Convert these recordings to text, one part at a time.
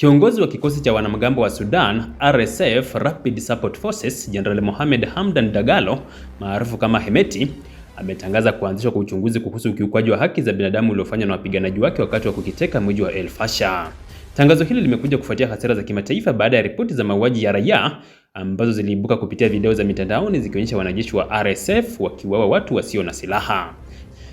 Kiongozi wa kikosi cha wanamgambo wa Sudan RSF Rapid Support Forces, Jenerali Mohamed Hamdan Dagalo maarufu kama Hemeti ametangaza kuanzishwa kwa uchunguzi kuhusu ukiukwaji wa haki za binadamu uliofanywa na wapiganaji wake wakati wa kukiteka mji wa El Fasher. Tangazo hili limekuja kufuatia hasira za kimataifa baada ya ripoti za mauaji ya raia ambazo ziliibuka kupitia video za mitandaoni zikionyesha wanajeshi wa RSF wakiwawa watu wasio na silaha.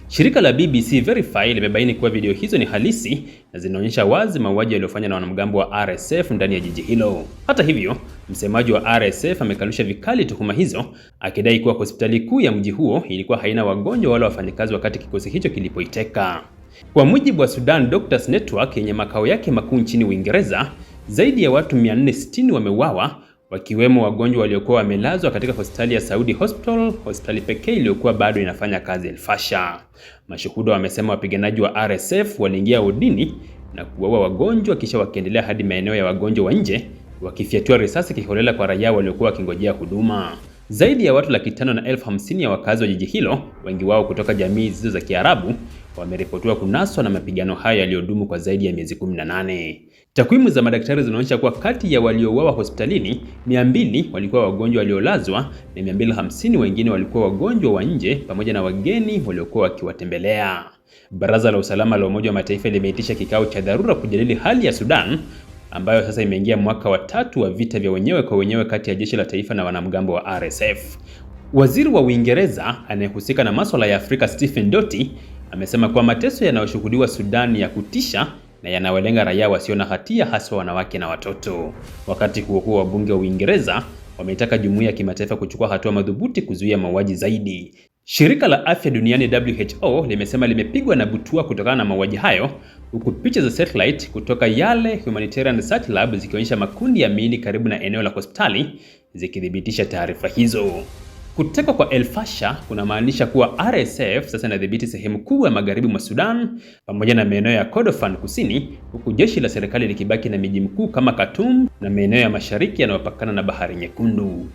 Shirika la BBC Verify limebaini kuwa video hizo ni halisi na zinaonyesha wazi mauaji yaliyofanywa na wanamgambo wa RSF ndani ya jiji hilo. Hata hivyo, msemaji wa RSF amekanusha vikali tuhuma hizo, akidai kuwa hospitali kuu ya mji huo ilikuwa haina wagonjwa wala wafanyakazi wakati kikosi hicho kilipoiteka. Kwa mujibu wa Sudan Doctors Network yenye makao yake makuu nchini Uingereza, zaidi ya watu 460 wameuawa wakiwemo wagonjwa waliokuwa wamelazwa katika hospitali ya Saudi Hospital, hospitali pekee iliyokuwa bado inafanya kazi El Mashuhuda wamesema wapiganaji wa RSF waliingia udini na kuwaua wagonjwa kisha wakiendelea hadi maeneo ya wagonjwa wa nje wakifyatua risasi kiholela kwa raia waliokuwa wakingojea huduma. Zaidi ya watu laki tano na elfu hamsini ya wakazi wa jiji hilo, wengi wao kutoka jamii zisizo za Kiarabu, wameripotiwa kunaswa na mapigano hayo yaliyodumu kwa zaidi ya miezi 18. Takwimu za madaktari zinaonyesha kuwa kati ya waliouawa hospitalini, 200 walikuwa wagonjwa waliolazwa na 250 wengine walikuwa wagonjwa wa nje pamoja na wageni waliokuwa wakiwatembelea. Baraza la Usalama la Umoja wa Mataifa limeitisha kikao cha dharura kujadili hali ya Sudan ambayo sasa imeingia mwaka wa tatu wa vita vya wenyewe kwa wenyewe kati ya jeshi la taifa na wanamgambo wa RSF. Waziri wa Uingereza anayehusika na masuala ya Afrika Stephen Doty amesema kuwa mateso yanayoshuhudiwa Sudan ya kutisha na yanawalenga raia wasio na hatia hasa wanawake na watoto. Wakati huo huo, wabunge wa Uingereza wameitaka jumuiya ya kimataifa kuchukua hatua madhubuti kuzuia mauaji zaidi. Shirika la Afya Duniani WHO limesema limepigwa na butua kutokana na mauaji hayo, huku picha za satellite kutoka Yale Humanitarian Research Lab zikionyesha makundi ya miili karibu na eneo la hospitali zikithibitisha taarifa hizo. Kutekwa kwa El Fasher kunamaanisha kuwa RSF sasa inadhibiti sehemu kubwa ya magharibi mwa Sudan pamoja na maeneo ya Kordofan Kusini, huku jeshi la serikali likibaki na miji mikuu kama Khartoum na maeneo ya mashariki yanayopakana na Bahari Nyekundu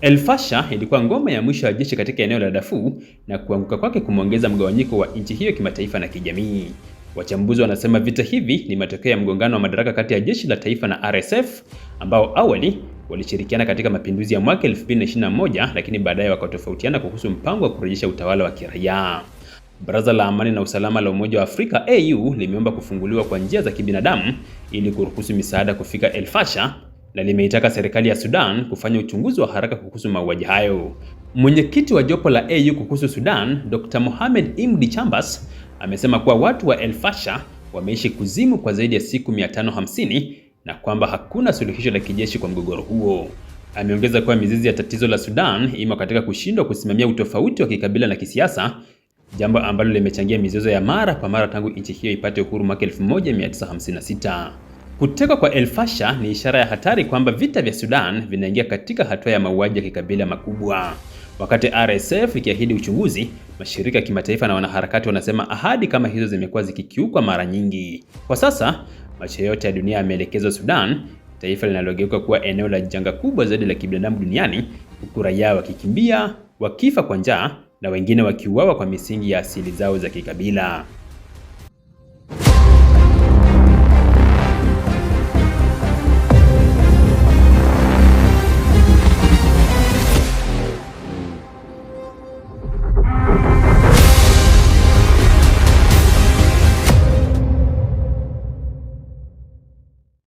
el Fasha ilikuwa ngome ya mwisho ya jeshi katika eneo la Darfur na kuanguka kwake kumwongeza mgawanyiko wa nchi hiyo kimataifa na kijamii. Wachambuzi wanasema vita hivi ni matokeo ya mgongano wa madaraka kati ya jeshi la taifa na RSF ambao awali walishirikiana katika mapinduzi ya mwaka 2021 lakini baadaye wakatofautiana kuhusu mpango wa kurejesha utawala wa kiraia. Baraza la Amani na Usalama la Umoja wa Afrika AU limeomba kufunguliwa kwa njia za kibinadamu ili kuruhusu misaada kufika el Fasha na limeitaka serikali ya Sudan kufanya uchunguzi wa haraka kuhusu mauaji hayo. Mwenyekiti wa jopo la AU kuhusu Sudan, Dr. Mohamed Imdi Chambas amesema kuwa watu wa El Fasha wameishi kuzimu kwa zaidi ya siku 550 na kwamba hakuna suluhisho la kijeshi kwa mgogoro huo. Ameongeza kuwa mizizi ya tatizo la Sudan imo katika kushindwa kusimamia utofauti wa kikabila na kisiasa, jambo ambalo limechangia mizozo ya mara kwa mara tangu nchi hiyo ipate uhuru mwaka 1956. Kutekwa kwa El Fasher ni ishara ya hatari kwamba vita vya Sudan vinaingia katika hatua ya mauaji ya kikabila makubwa. Wakati RSF ikiahidi uchunguzi, mashirika ya kimataifa na wanaharakati wanasema ahadi kama hizo zimekuwa zikikiukwa mara nyingi. Kwa sasa, macho yote ya dunia yameelekezwa Sudan, taifa linalogeuka kuwa eneo la janga kubwa zaidi la kibinadamu duniani, huku raia wakikimbia, wakifa kwa njaa na wengine wakiuawa kwa misingi ya asili zao za kikabila.